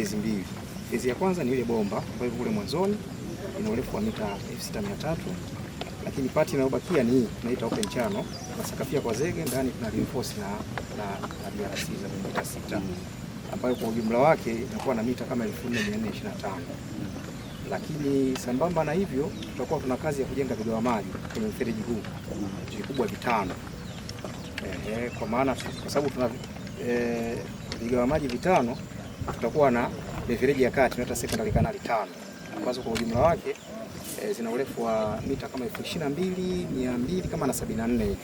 phase mbili. Phase ya kwanza ni ile bomba ambayo kule mwanzoni ina urefu wa mita 6300 lakini pati inayobakia ni hii tunaita open channel, na sakafia kwa zege ndani kuna reinforce na na na DRC za mita sita ambayo kwa ujumla wake inakuwa na mita kama 4425 lakini sambamba na hivyo tutakuwa tuna kazi ya kujenga vigawa maji kwenye mfereji huu vikubwa vitano. Eh, kwa maana kwa sababu tuna eh, vigawa maji vitano tutakuwa na mifereji ya kati tunaita secondary canal tano ambazo kwa ujumla wake e, zina urefu wa mita kama elfu ishirini na mbili mia mbili kama na sabini na nne hivi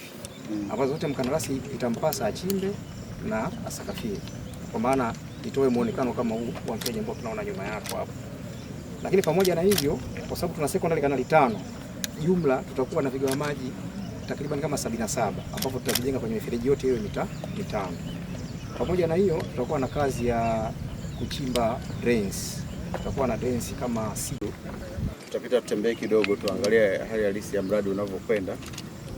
mm. ambazo zote mkandarasi itampasa achimbe na asakafie, kwa maana itoe muonekano kama huu wa mfereji ambao tunaona nyuma yako hapo. Lakini pamoja na hivyo, kwa sababu tuna secondary canal tano, jumla tutakuwa na vigawa maji takriban kama 77 ambapo tutajenga kwenye mifereji yote hiyo mita mitano. Pamoja na hiyo, tutakuwa na kazi ya kuchimba drains, tutakuwa na drains kama sio, tutapita tutembee kidogo, tuangalie hali halisi ya mradi unavyokwenda,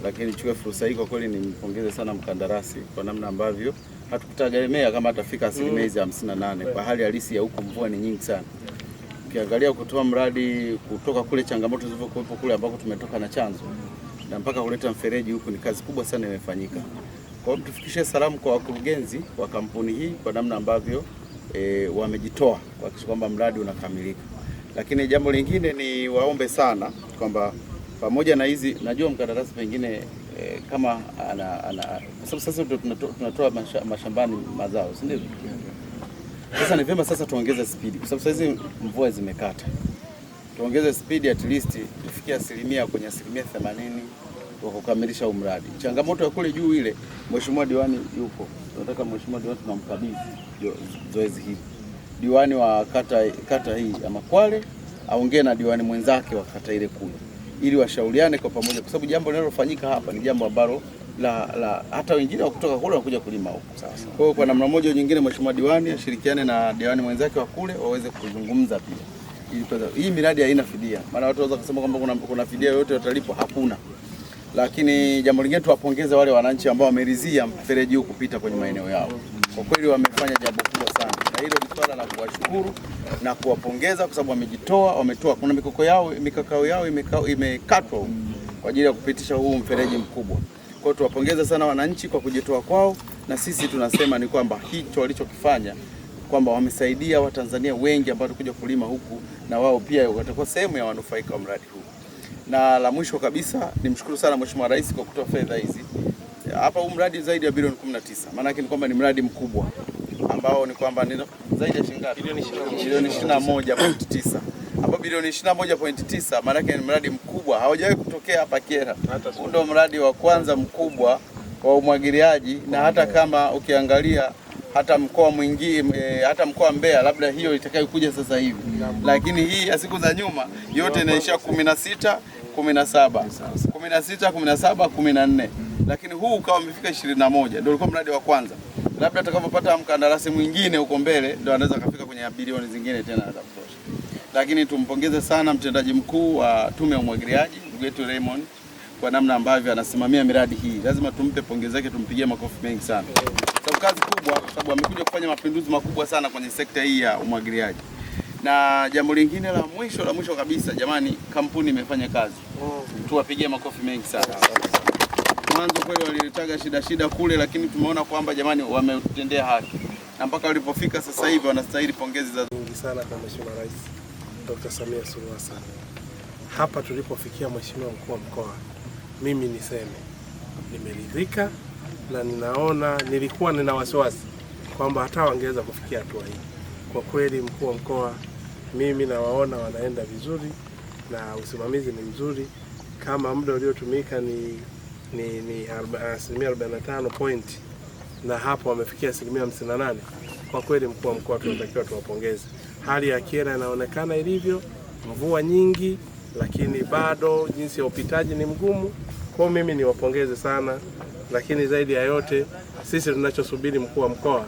lakini chukue fursa hii kwa kweli nimpongeze sana mkandarasi kwa namna ambavyo hatukutegemea kama atafika asilimia hizi hamsini na nane kwa hali halisi ya huku, mvua ni nyingi sana ukiangalia kutoa mradi kutoka kule changamoto zilizokuwepo kule ambako tumetoka na chanzo na mpaka kuleta mfereji huku, ni kazi kubwa sana imefanyika. Kwa hiyo tufikishe salamu kwa wakurugenzi wa kampuni hii kwa namna ambavyo e, wamejitoa kuhakikisha kwamba mradi unakamilika. Lakini jambo lingine ni waombe sana kwamba pamoja na hizi, najua mkandarasi pengine e, kama ana, ana, kwa sababu sasa tunatoa mashambani mazao, si ndivyo? Sasa ni vyema sasa tuongeze spidi, kwa sababu sasa hizi mvua zimekata, tuongeze spidi at least tufikie asilimia kwenye asilimia themanini wa kukamilisha huu mradi. Changamoto ya kule juu ile, mheshimiwa diwani yupo, tunataka mheshimiwa diwani tunamkabidhi zoezi hili, diwani wa kata, kata hii ya Makwale aongee na diwani mwenzake wa kata ile kule, ili washauriane kwa pamoja, kwa sababu jambo linalofanyika hapa ni jambo ambalo la, la hata wengine wa kutoka kule wanakuja kulima huko. Kwa hiyo kwa namna moja nyingine, mheshimiwa diwani ashirikiane na diwani mwenzake wa kule waweze kuzungumza pia. Hii miradi haina fidia, maana watu wanaweza kusema kwamba kuna, kuna fidia yoyote watalipwa. Hakuna. Lakini jambo lingine tuwapongeze wale wananchi ambao wameridhia mfereji huu kupita kwenye maeneo yao. Kwa kweli wamefanya jambo kubwa sana, na hilo ni swala la kuwashukuru na kuwapongeza kwa sababu wamejitoa, wametoa. Kuna mikoko yao, mikakao yao imekatwa kwa ajili ya kupitisha huu mfereji mkubwa. Kwa hiyo tuwapongeze sana wananchi kwa kujitoa kwao, na sisi tunasema ni kwamba hicho walichokifanya kwamba wamesaidia Watanzania wengi ambao tukuja kulima huku, na wao pia watakuwa sehemu ya wanufaika wa mradi huu. Na la mwisho kabisa nimshukuru sana Mheshimiwa Rais kwa kutoa fedha hizi hapa, huu mradi zaidi ya bilioni 19, maana yake ni kwamba ni mradi mkubwa ambao ni kwamba ni zaidi ya shilingi bilioni 21.9 ambao bilioni 21.9 maana yake ni mradi mkubwa, haujawahi kutokea hapa Kyela. Huu ndio mradi wa kwanza mkubwa wa umwagiliaji na hata kama ukiangalia hata mkoa mwingine e, eh, hata mkoa Mbeya, labda hiyo itakayokuja sasa hivi, lakini hii ya siku za nyuma yote inaisha kumi na sita kumi na saba kumi na sita kumi na saba kumi na nne lakini huu ukawa umefika ishirini na moja ndio ulikuwa mradi wa kwanza. Labda atakapopata mkandarasi mwingine huko mbele ndio anaweza akafika kwenye bilioni zingine tena za kutosha. Lakini tumpongeze sana mtendaji mkuu wa tume ya umwagiliaji ndugu yetu Raymond kwa namna ambavyo anasimamia miradi hii, lazima tumpe pongezi yake, tumpigie makofi mengi sana sababu kazi kubwa, kwa sababu amekuja kufanya mapinduzi makubwa sana kwenye sekta hii ya umwagiliaji. Na jambo lingine la mwisho la mwisho kabisa, jamani, kampuni imefanya kazi mm. tuwapigie makofi mengi sana mwanzo kweli waliletaga shida shida kule, lakini tumeona kwamba jamani, wametendea haki na mpaka walipofika sasa hivi wanastahili pongezi za nyingi sana kwa Mheshimiwa Rais Dr. Samia Suluhu Hassan. Hapa tulipofikia, Mheshimiwa Mkuu wa Mkoa, mimi niseme nimeridhika na ninaona nilikuwa nina wasiwasi kwamba hata wangeweza kufikia hatua hii. Kwa kweli, mkuu wa mkoa, mimi nawaona wanaenda vizuri na usimamizi ni mzuri, kama muda uliotumika ni ni ni asilimia 45 point na hapo wamefikia asilimia 58. Kwa kweli, mkuu wa mkoa, tunatakiwa tuwapongeze. Hali ya Kyela inaonekana ilivyo, mvua nyingi, lakini bado jinsi ya upitaji ni mgumu. Kwa mimi niwapongeze sana, lakini zaidi ya yote sisi tunachosubiri mkuu wa mkoa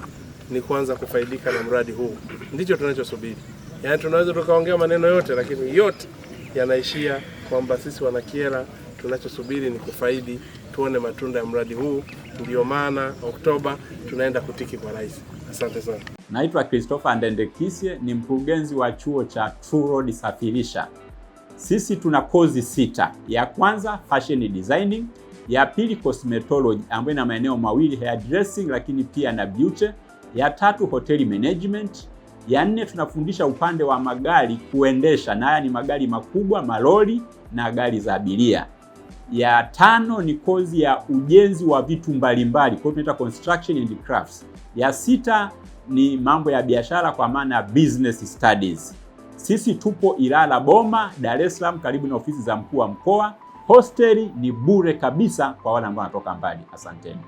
ni kuanza kufaidika na mradi huu, ndicho tunachosubiri. Yaani tunaweza tukaongea maneno yote, lakini yote yanaishia kwamba sisi wanakiela tunachosubiri ni kufaidi, tuone matunda ya mradi huu. Ndiyo maana Oktoba tunaenda kutiki kwa rais. Asante sana. Naitwa Christopher Ndendekisye, ni mkurugenzi wa chuo cha True Road Safirisha. Sisi tuna kozi sita. Ya kwanza fashion designing, ya pili cosmetology ambayo ina maeneo mawili hair dressing, lakini pia na beauty. Ya tatu hoteli management. Ya nne tunafundisha upande wa magari kuendesha, na haya ni magari makubwa, malori na gari za abiria. Ya tano ni kozi ya ujenzi wa vitu mbalimbali, kwa hiyo tunaita construction and crafts. Ya sita ni mambo ya biashara kwa maana business studies. Sisi tupo Ilala Boma, Dar es Salaam, karibu na ofisi za mkuu wa mkoa. Hosteli ni bure kabisa kwa wale ambao wanatoka mbali. Asanteni.